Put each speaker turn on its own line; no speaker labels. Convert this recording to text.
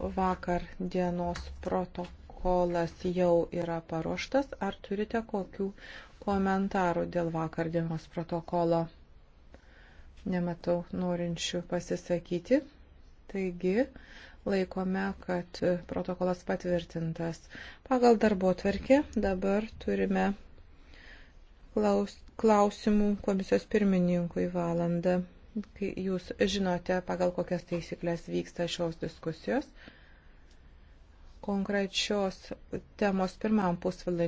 vakar dienos protokolas jau yra paruoštas. Ar turite kokių komentarų dėl vakar dienos protokolo? Nematau norinčių pasisakyti. Taigi, laikome, kad protokolas patvirtintas. Pagal darbo tvarkė dabar turime klaus, klausimų komisijos pirmininkui valandą kai jūs žinote, pagal kokias taisyklės vyksta šios diskusijos. Konkrečios
temos pirmam pusvalandį.